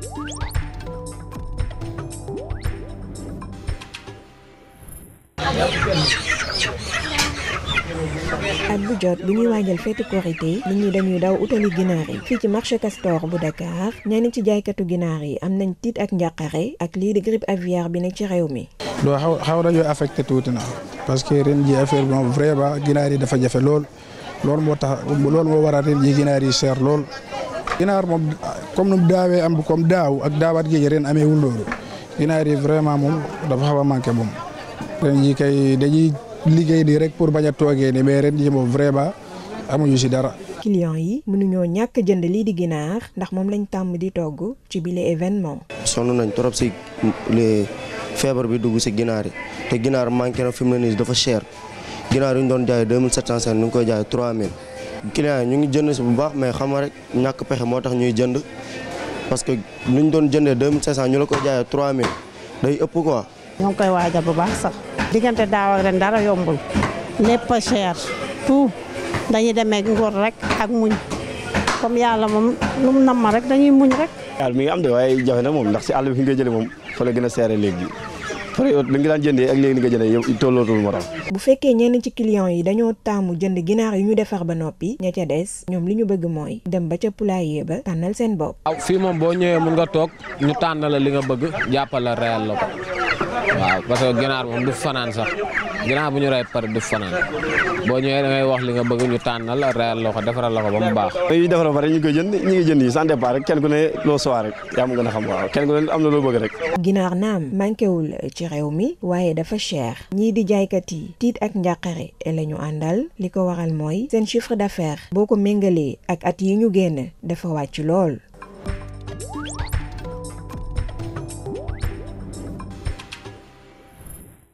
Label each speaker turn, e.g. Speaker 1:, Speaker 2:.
Speaker 1: at bu jot bi ñuy waajal feetu korité nit ñi dañuy daw utali ginaar yi fii ci marché Castor bu Dakar ñenn ci jaaykatu ginaar yi am nañ tiit ak njàqare ak lii di grippe aviaire bi nekk ci réew mi
Speaker 2: loo xaw xaw nañoo affecté tuuti na parce que ji affaire bi moom vraiment ginaar yi dafa jafe lool loolu moo tax loolu moo waral ren ji ginaar yi seer lool ginaar moom comme nu daawee am comme daaw ak daawaat géej ren ameewul loolu ginaar yi vraiment moom dafa xaw a manqué moom ren ji dañuy liggéey nii rek pour bañ a toogee nii mais ren ji moom vraiment amuñu si dara.
Speaker 1: clients yi mënuñoo ñàkk jënd lii di ginaar ndax moom lañ tàmm di togg ci bile événement.
Speaker 3: sonn nañ trop si feebar bi dugg si ginaar yi te ginaar manqué na fi mu ne nii dafa cher ginaar yu ñu doon jaay 2700 ñu koy jaay 3000. client ñu ngi jënd si bu baax mais xam nga rek ñàkk pexe moo tax ñuy jënd parce que lu ñu doon jëndee 2500 ñu la koy jaayee 3000 day ëpp ko
Speaker 4: ñoo ngi koy waajal bu baax sax. diggante daaw ak ren dara yombul. lépp a cher tout dañuy demee ngor rek ak muñ comme yàlla moom lu mu nam ma rek dañuy muñ rek. yàlla mi ngi am de waaye jafe na moom ndax si àll bi fi nga jëlee moom fa la gën a seere léegi. frais li nga daan jëndee ak léegi li nga jëndee yow tollootul moo
Speaker 1: bu fekkee ñenn ci client yi dañoo taamu jënd ginaar yu ñu defar ba noppi ña ca des ñoom li ñu bëgg mooy dem ba ca poulailler ba tànnal seen bopp
Speaker 2: waaw fii moom boo ñëwee mun nga toog ñu tànnala li nga bëgg jàppala reyal la ko waaw parce que ginaar moom du fanaan sax ginaar bu ñu rey pare du fanaan boo ñëwee da ngay wax li nga bëgg ñu tànnal reyal la ko defaral la ko ba mu baax
Speaker 4: yi defaral ba rek ñu koy jënd ñu ngi jënd yi sans départ rek kenn ku ne loo soir rek yaa ma gën a xam waaw kenn ku ne am na loo bëgg rek
Speaker 1: ginaar naam manquéwul ci réew mi waaye dafa cher ñii di jaaykat yi tiit ak njàqare la ñu àndal li ko waral mooy seen chiffre d'affaires boo ko méngalee ak at yi ñu génn dafa wàcc lool